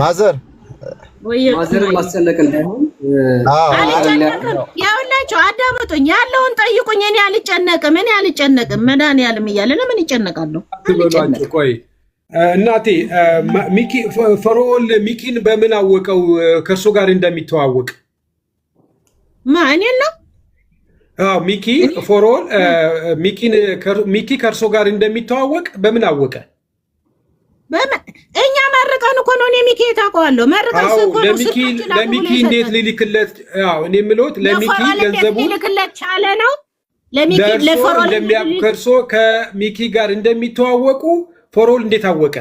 ማዘር ማዘር ያውላቸው አዳምጡኝ። ያለውን ጠይቁኝ። እኔ አልጨነቅም፣ እኔ አልጨነቅም። መድኃኒዓለም እያለ ለምን ይጨነቃለሁ? ቆይ እናቴ ሚኪ ፈርዖን ሚኪን በምን አወቀው ከእርሱ ጋር እንደሚተዋወቅ? ማ እኔን ነው? ሚኪ ፈርዖን ሚኪ ከእርሱ ጋር እንደሚተዋወቅ በምን አወቀ? እኛ መርቀን እኮ ነው። እኔ ሚኪ ታውቀዋለሁ። መርቀን ስኮ ለሚኪ እንዴት ሊልክለት? አዎ እኔ የምልዎት ለሚኪ ገንዘቡ ሊልክለት ቻለ ነው። ለሚኪ ለፎሮል እንደሚያከርሶ ከሚኪ ጋር እንደሚተዋወቁ ፎሮል እንዴት አወቀ?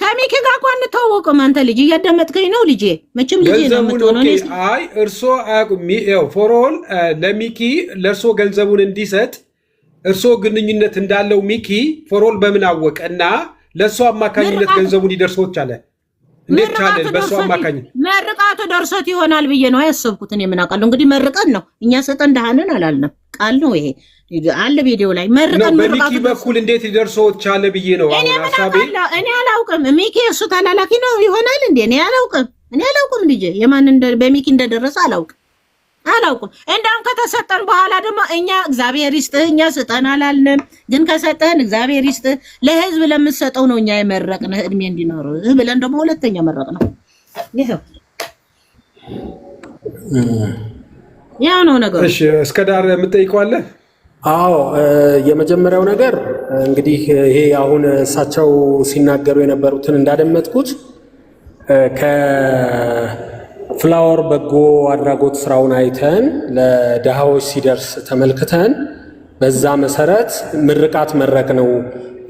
ከሚኪ ጋር እኮ አንተዋወቅም። አንተ ልጅ እያዳመጥከኝ ነው? ልጄ መቼም ልጄ ነው የምትሆነው። አይ እርሶ አያውቁም። ያው ፎሮል ለሚኪ ለእርሶ ገንዘቡን እንዲሰጥ እርሶ ግንኙነት እንዳለው ሚኪ ፎሮል በምን አወቀ እና ለእሱ አማካኝነት ገንዘቡ እንዲደርሶች አለ እንዴት ቻለ? በእሱ አማካኝነት መርቃቱ ደርሶት ይሆናል ብዬ ነው ያሰብኩት። እኔ ምን አውቃለሁ? እንግዲህ መርቀን ነው እኛ ሰጠን ደሃንን አላልንም። ቃል ነው ይሄ አለ ቪዲዮ ላይ መርቀን በሚኪ በኩል እንዴት ሊደርሶት ቻለ ብዬ ነው አሁን ምን እኔ አላውቅም። ሚኪ እሱ ተላላኪ ነው ይሆናል እንዴ? እኔ አላውቅም። እኔ አላውቅም። ልጅ የማን በሚኪ እንደደረሰ አላውቅም። አላውቅም። እንደውም ከተሰጠን በኋላ ደግሞ እኛ እግዚአብሔር ይስጥህ እኛ ስጠን አላልንም፣ ግን ከሰጠህን እግዚአብሔር ይስጥህ ለህዝብ ለምትሰጠው ነው እኛ የመረቅንህ እድሜ እንዲኖር ብለን ደግሞ ሁለተኛ መረቅ ነው። ይኸው ያው ነው ነገሩ። እሺ እስከ ዳር የምጠይቀው አዎ የመጀመሪያው ነገር እንግዲህ ይሄ አሁን እሳቸው ሲናገሩ የነበሩትን እንዳደመጥኩት ፍላወር በጎ አድራጎት ስራውን አይተን ለድሃዎች ሲደርስ ተመልክተን በዛ መሰረት ምርቃት መረቅ ነው።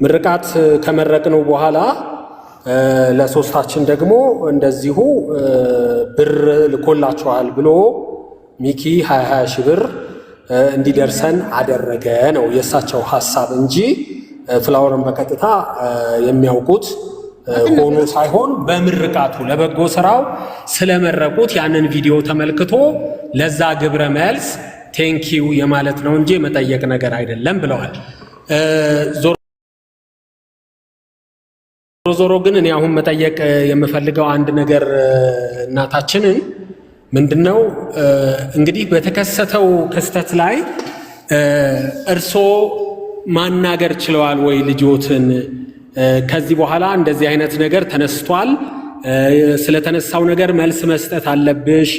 ምርቃት ከመረቅ ነው በኋላ ለሶስታችን ደግሞ እንደዚሁ ብር ልኮላችኋል ብሎ ሚኪ 20 ሺህ ብር እንዲደርሰን አደረገ ነው የእሳቸው ሀሳብ እንጂ ፍላወርን በቀጥታ የሚያውቁት ሆኖ ሳይሆን በምርቃቱ ለበጎ ስራው ስለመረቁት ያንን ቪዲዮ ተመልክቶ ለዛ ግብረ መልስ ቴንኪው የማለት ነው እንጂ የመጠየቅ ነገር አይደለም ብለዋል። ዞሮ ዞሮ ግን እኔ አሁን መጠየቅ የምፈልገው አንድ ነገር እናታችንን ምንድነው እንግዲህ በተከሰተው ክስተት ላይ እርሶ ማናገር ችለዋል ወይ ልጆትን ከዚህ በኋላ እንደዚህ አይነት ነገር ተነስቷል፣ ስለተነሳው ነገር መልስ መስጠት አለብሽ፣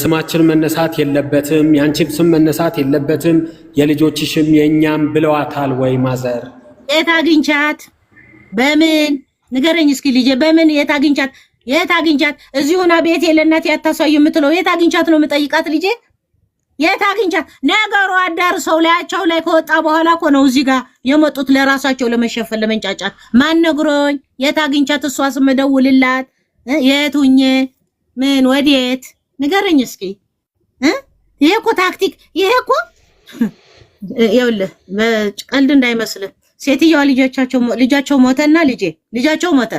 ስማችን መነሳት የለበትም፣ የአንቺም ስም መነሳት የለበትም፣ የልጆችሽም የእኛም ብለዋታል ወይ ማዘር? የት አግኝቻት? በምን ንገረኝ እስኪ ልጄ፣ በምን የት አግኝቻት? የት አግኝቻት? እዚሁና ቤት የለናት ያታሳዩ የምትለው የት አግኝቻት ነው የምጠይቃት ልጄ የት አግኝቻት? ነገሩ አዳር ሰው ላያቸው ላይ ከወጣ በኋላ እኮ ነው እዚህ ጋር የመጡት ለራሳቸው ለመሸፈን ለመንጫጫት። ማን ነግሮኝ? የት አግኝቻት? እሷስ መደውልላት የት ሁኜ ምን ወዴት ንገረኝ እስኪ። ይሄ እኮ ታክቲክ፣ ይሄ እኮ ይኸውልህ፣ ቀልድ እንዳይመስልህ። ሴትዮዋ ልጆቻቸው ልጃቸው ሞተና ልጄ ልጃቸው ሞተ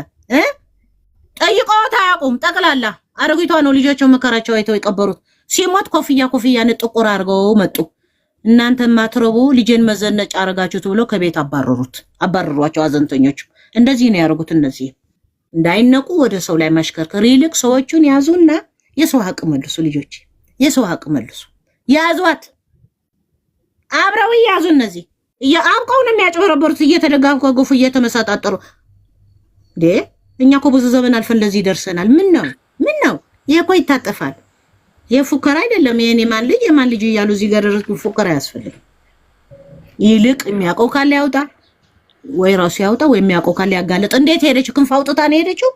ጠይቀው አያውቁም። ጠቅላላ አረጊቷ ነው ልጃቸው መከራቸው አይተው የቀበሩት ሲሞት ኮፍያ ኮፍያን ጥቁር አድርገው መጡ። እናንተ ማትረቡ ልጄን መዘነጭ አረጋችሁት ብሎ ከቤት አባረሩት፣ አባረሯቸው። አዘንተኞቹ እንደዚህ ነው ያደርጉት። እነዚህ እንዳይነቁ ወደ ሰው ላይ ማሽከርከር ይልቅ ሰዎቹን ያዙና የሰው ሀቅ መልሱ። ልጆች የሰው ሀቅ መልሱ። ያዟት፣ አብረው ያዙ። እነዚህ አብቀው ነው የሚያጭበረበሩት፣ እየተደጋገፉ እየተመሳጣጠሩ እንዴ። እኛ እኮ ብዙ ዘመን አልፈን ለዚህ ደርሰናል። ምን ነው ምን ነው? ይሄ እኮ ይታጠፋል። የፉከራ አይደለም። ይሄን የማን ልጅ የማን ልጅ እያሉ እዚህ ጋር ፉከራ ያስፈልግ። ይልቅ የሚያውቀው ካለ ያውጣ፣ ወይ ራሱ ያውጣ፣ ወይ የሚያውቀው ካለ ያጋለጥ። እንዴት ሄደችው? ክንፍ አውጥታ ነው ሄደችው፣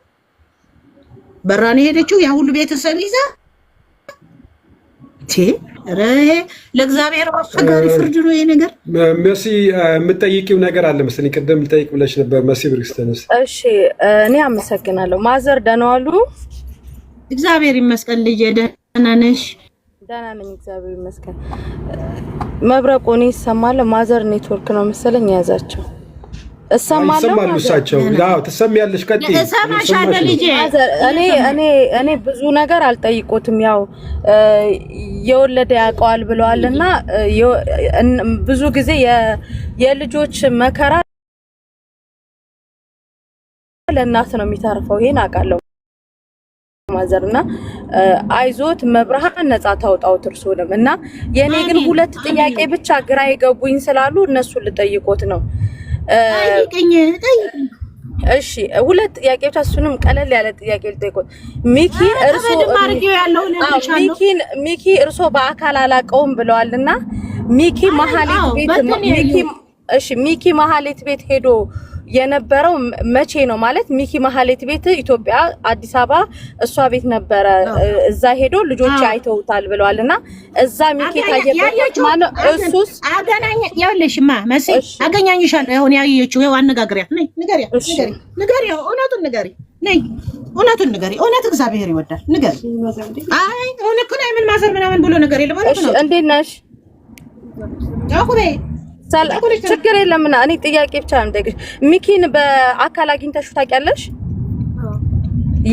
በራ ነው ሄደችው፣ ያ ሁሉ ቤተሰብ ይዛ። ኧረ ይሄ ለእግዚአብሔር አስቸጋሪ ፍርድ ነው ይሄ ነገር። መሲ የምጠይቂው ነገር አለ መሰለኝ፣ ቅድም ልጠይቅ ብለሽ ነበር መሲ ብርክስተንስ። እሺ እኔ አመሰግናለሁ። ማዘር ደህና ዋሉ? እግዚአብሔር ይመስገን ልጅ ደህና ነሽ? ደህና ነኝ፣ እግዚአብሔር ይመስገን። መብረቁ እኔ እሰማለሁ። ማዘር ኔትወርክ ነው መሰለኝ የያዛቸው። እሰማለሁ። እሳቸው ትሰሚያለሽ? ቀጥይ። እሰማሻለሁ ልጄ። እኔ ብዙ ነገር አልጠይቆትም። ያው የወለደ ያውቀዋል ብለዋል እና ብዙ ጊዜ የልጆች መከራ ለእናት ነው የሚታርፈው። ይሄን አውቃለሁ። ማዘር እና አይዞት መብርሃን ነጻ ታውጣው እርሱንም እና የእኔ ግን ሁለት ጥያቄ ብቻ ግራ የገቡኝ ስላሉ እነሱን ልጠይቆት ነው። እሺ ሁለት ጥያቄ ብቻ እሱንም ቀለል ያለ ጥያቄ ልጠይቆት። ሚኪ እርሶ ሚኪን ሚኪ እርሶ በአካል አላቀውም ብለዋል እና ሚኪ መሀሌት ቤት ሚኪ መሀሌት ቤት ሄዶ የነበረው መቼ ነው ማለት ሚኪ ማህሌት ቤት ኢትዮጵያ አዲስ አበባ እሷ ቤት ነበረ። እዛ ሄዶ ልጆች አይተውታል ብለዋል። እና እዛ ሚኪ ታየበት ማነው? እሱስ አገናኝ ያለሽ ማ መሲ አገናኝሻለሁ። ይሁን ያየችው ይሁን አነጋግሪያት ነይ ንገሪያ ንገሪ እውነቱን ንገሪ ነኝ እውነቱን ንገሪ። እውነት እግዚአብሔር ይወዳል ንገሪ። አይ እውነት እኮ ነው። ምን ማዘር ምናምን ብሎ ነገር የለም። እንዴት ነሽ? ጃኩቤ ችግር የለም። እና እኔ ጥያቄ ብቻ ነው ደግሽ። ሚኪን በአካል አግኝተሽው ታውቂያለሽ?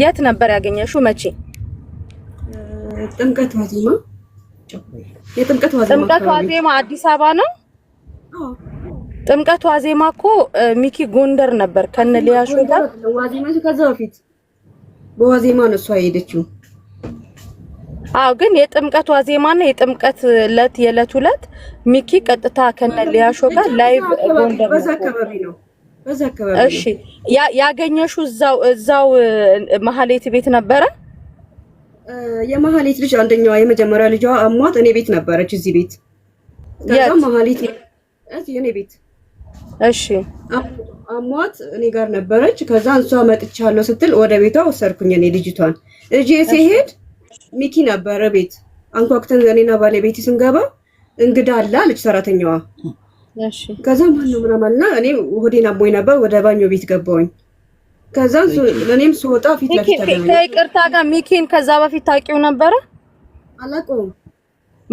የት ነበር ያገኘሽው? መቼ? ጥምቀት ዋዜማ። የጥምቀት ዋዜማ ጥምቀት ዋዜማ አዲስ አበባ ነው። ጥምቀት ዋዜማ እኮ ሚኪ ጎንደር ነበር ከነ ሊያሹ ጋር ዋዜማ። ከዛ በፊት በዋዜማ ነው እሷ የሄደችው አዎ ግን የጥምቀት ዋዜማና የጥምቀት ዕለት የዕለት ዕለት ሚኪ ቀጥታ ከነ ሊያሾ ጋር ላይቭ ጎንደር ነው። እሺ ያገኘሹ እዛው እዛው መሀሌት ቤት ነበረ። የመሀሌት ልጅ አንደኛዋ የመጀመሪያ ልጇ አሟት እኔ ቤት ነበረች፣ እዚህ ቤት ከዛ መሀሌት እዚህ እኔ ቤት እሺ አሟት እኔ ጋር ነበረች። ከዛ እሷ መጥቻለሁ ስትል ወደ ቤቷ ወሰድኩኝ እኔ ልጅቷን እጄ ሲሄድ ሚኪ ነበረ ቤት አንኳኩተን እኔና ባለቤቴ ስንገባ እንግዳ አለ አለች ሰራተኛዋ። ከዛ ማነው ምናምን እና እኔ ሆዴን አሞኝ ነበር ወደ ባኞ ቤት ገባሁኝ። ከዛ እኔም ስወጣ ፊት ለፊት ከይቅርታ ጋር ሚኪን ከዛ በፊት ታውቂው ነበረ? አላውቀውም።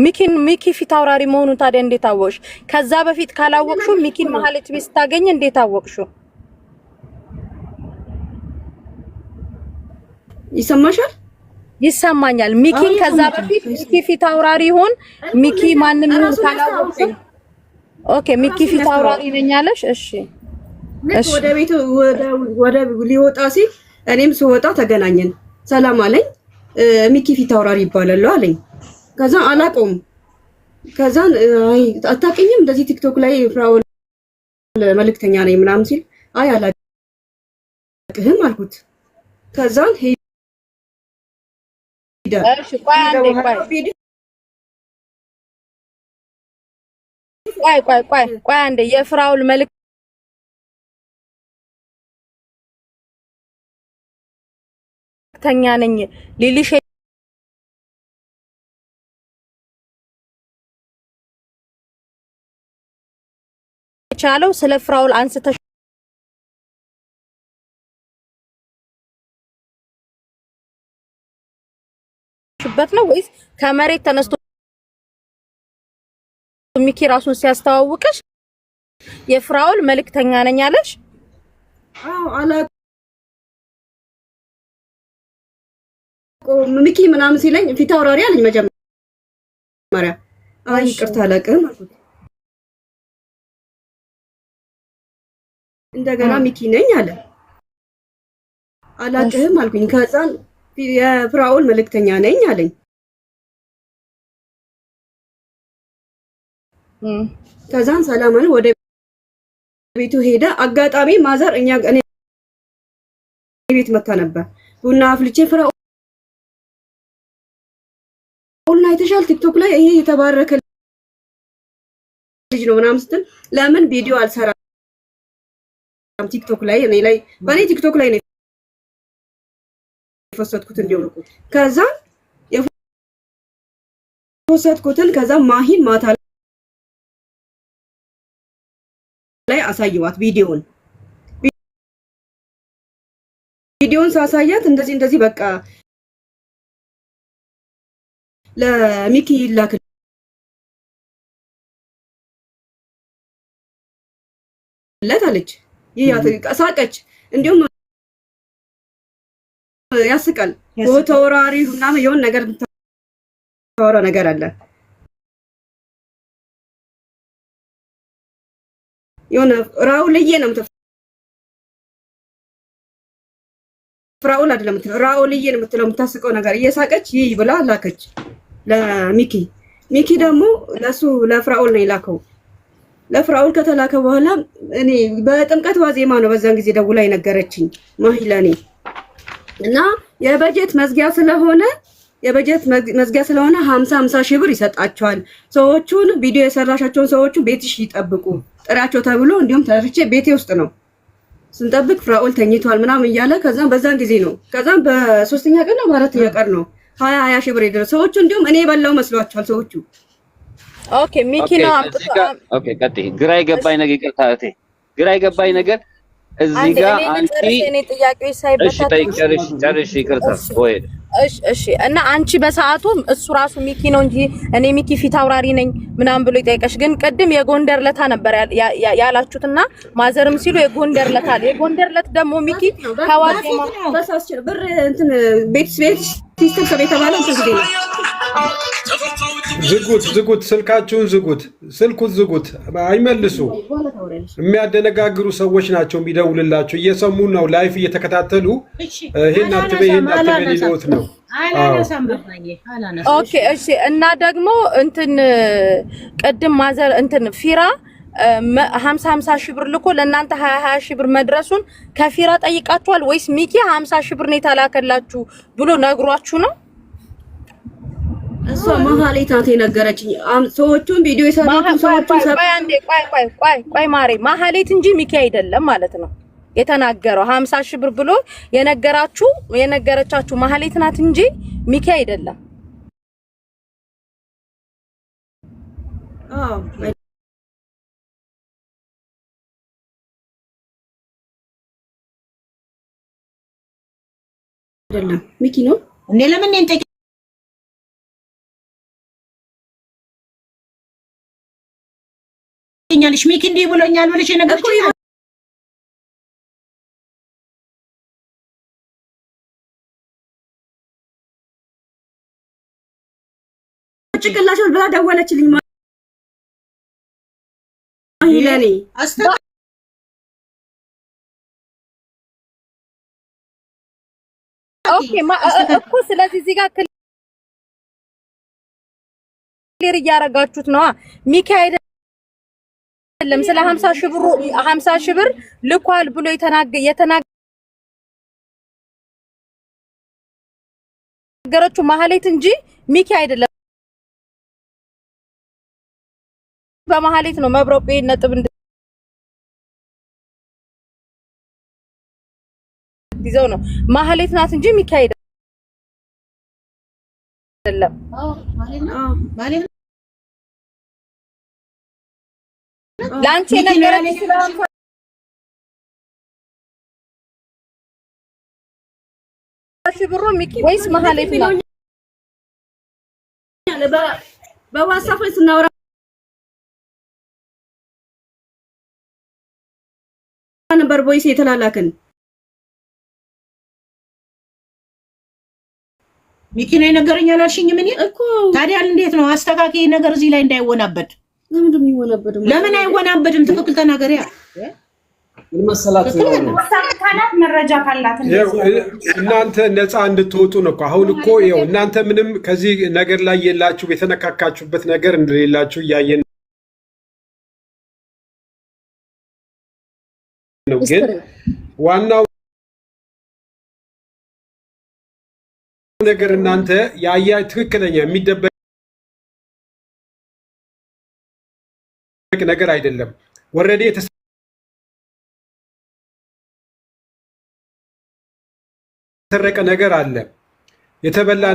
ሚኪን ሚኪ ፊት አውራሪ መሆኑ ታዲያ እንዴት አወቅሽ? ከዛ በፊት ካላወቅሹ ሚኪን መሀልት ቤት ስታገኝ እንዴት አወቅሹ? ይሰማሻል? ይሰማኛል። ሚኪ ከዛ በፊት ሚኪ ፊት አውራሪ ይሁን ሚኪ ማንም ይሁን ካላወቅም፣ ኦኬ ሚኪ ፊት አውራሪ ነኝ አለሽ። እሺ እሺ፣ ወደ ቤቱ ወደ ሊወጣ ሲል እኔም ስወጣ ተገናኘን። ሰላም አለኝ። ሚኪ ፊት አውራሪ ይባላል አለኝ። ከዛ አላውቀውም። ከዛ አይ አታውቂኝም፣ እንደዚህ ቲክቶክ ላይ ፍራውል መልእክተኛ ነኝ ምናምን ሲል አይ አላውቅህም አልኩት። ከዛን ቆይ ቆይ ቆይ ቆይ አንዴ የፍራውል መልክ ነኝ ሊሊሽ የቻለው ስለ ፍራውል አንስተሽ የሚያደርግበት ነው ወይስ ከመሬት ተነስቶ ሚኪ ራሱን ሲያስተዋውቅሽ የፍራውል መልእክተኛ ነኝ አለሽ? አዎ አላት። ሚኪ ምናምን ሲለኝ ፊት አውራሪ አለኝ መጀመሪያ። አይ ይቅርታ አላውቅም አልኩት። እንደገና ሚኪ ነኝ አለ። አላውቅህም አልኩኝ ከዛን የፍራኦል መልእክተኛ ነኝ አለኝ። ከዛን ሰላማን ወደ ቤቱ ሄደ። አጋጣሚ ማዘር እኛ እኔ ቤት መታ ነበር። ቡና አፍልቼ ፍራኦል አይተሻል? ቲክቶክ ላይ ይሄ የተባረከ ልጅ ነው ምናምን ስትል ለምን ቪዲዮ አልሰራም ቲክቶክ ላይ እኔ ላይ በእኔ ቲክቶክ ላይ ነው የፈሰጥኩት እንዲሆኑ ከዛ የፈሰጥኩትን ከዛ ማሂን ማታ ላይ አሳይዋት ቪዲዮን ቪዲዮን ሳሳያት እንደዚህ እንደዚህ በቃ ለሚኪ ይላክለት አለች። ይህ ሳቀች እንዲሁም ያስቃል። ተወራሪ ምናምን የሆን ነገር የምታወራው ነገር አለ የሆነ ራውል እዬ ነው የምትለው አይደለም ምትለው ራውል እዬ ነው ምትለው የምታስቀው ነገር እየሳቀች ይይ ብላ ላከች ለሚኪ ሚኪ ደግሞ ለሱ ለፍራውል ነው የላከው ለፍራውል ከተላከ በኋላ እኔ በጥምቀት ዋዜማ ነው በዛን ጊዜ ደውላ የነገረችኝ ማሂ ለእኔ እና የበጀት መዝጊያ ስለሆነ የበጀት መዝጊያ ስለሆነ ሀምሳ ሀምሳ ሺህ ብር ይሰጣቸዋል። ሰዎቹን ቪዲዮ የሰራሻቸውን ሰዎቹ ቤትሽ ይጠብቁ ጥሪያቸው ተብሎ እንዲሁም ተርቼ ቤቴ ውስጥ ነው ስንጠብቅ ፍራኦል ተኝቷል ምናምን እያለ ከዛም በዛን ጊዜ ነው ከዛም በሶስተኛ ቀን ነው በአራተኛ ቀን ነው ሀያ ሀያ ሺህ ብር የደረሰ ሰዎቹ እንዲሁም እኔ የበላው መስሏቸዋል ሰዎቹ። ኦኬ ሚኪ ነው ግራ የገባኝ ነገር ግራ የገባኝ ነገር እዚህ ጋር አንቺ እሺ፣ እና አንቺ በሰዓቱ እሱ ራሱ ሚኪ ነው እንጂ እኔ ሚኪ ፊት አውራሪ ነኝ ምናምን ብሎ ይጠይቀሽ። ግን ቅድም የጎንደር ለታ ነበር ያላችሁትና ማዘርም ሲሉ የጎንደር ለታ የጎንደር ለት ደግሞ ሚኪ ታዋቂ ብር እንትን ቤት ቤት ሲስተም ሰብ የተባለው ጊዜ ነው። ዝጉት ዝጉት፣ ስልካችሁን ዝጉት፣ ስልኩት ዝጉት፣ አይመልሱ። የሚያደነጋግሩ ሰዎች ናቸው የሚደውልላቸው። እየሰሙ ነው፣ ላይፍ እየተከታተሉ ይሄን አትበ ይሄን አትበ ሊሉት ነው። ኦኬ እሺ። እና ደግሞ እንትን ቅድም ማዘር እንትን ፊራ 50 50 ሺህ ብር ልኮ ለእናንተ 20 20 ሺህ ብር መድረሱን ከፊራ ጠይቃችኋል ወይስ ሚኪ 50 ሺህ ብር ነው የተላከላችሁ ብሎ ነግሯችሁ ነው? እሷ መሀሌት ናት የነገረችኝ። ሰዎቹን ቪዲዮ የሰሩትን ሰዎቹን ቆይ ማሬ መሀሌት እንጂ ሚኪ አይደለም ማለት ነው የተናገረው። 50 ሺህ ብር ብሎ የነገራችሁ የነገረቻችሁ መሀሌት ናት እንጂ ሚኪ አይደለም። አይደለም ሚኪ ነው እኔ ለምን እኔን ጠይቅ ይገኛልሽ ሚኪ እንዲህ ብሎኛል ብለሽ ነገር ጭቅላሽ ብላ ደወለችልኝ። እኮ uh, uh, ስለዚህ እዚህ ጋር ክሊር እያደረጋችሁት ነዋ። ሚካኤል አይደለም ስለ ሺህ ብሩ ሺህ ብር ልኳል ብሎ የተናገረችው ማህሌት እንጂ ሚኪ አይደለም። በማህሌት ነው መብረቁ የምትይዘው ነው። ማህሌት ናት እንጂ ሚካኤል አይደለም። ለአንቺ ብሩ ወይስ ማህሌት በዋትሳፕ ስናወራ ነበር ቦይስ የተላላክን ሚኪና የነገረኝ አላልሽኝም? እኔ እኮ ታዲያ እንዴት ነው አስተካኪ ነገር እዚህ ላይ እንዳይወናበድ። ለምን አይወናበድም? ትክክል ተናገሪያ። መረጃ ካላት እናንተ ነፃ እንድትወጡ ነው እኮ። አሁን እኮ ይኸው እናንተ ምንም ከዚህ ነገር ላይ የላችሁ የተነካካችሁበት ነገር እንደሌላችሁ እያየን ነው ግን ዋናው ነገር እናንተ ያያ ትክክለኛ የሚደበቅ ነገር አይደለም። ወረዴ የተሰረቀ ነገር አለ የተበላ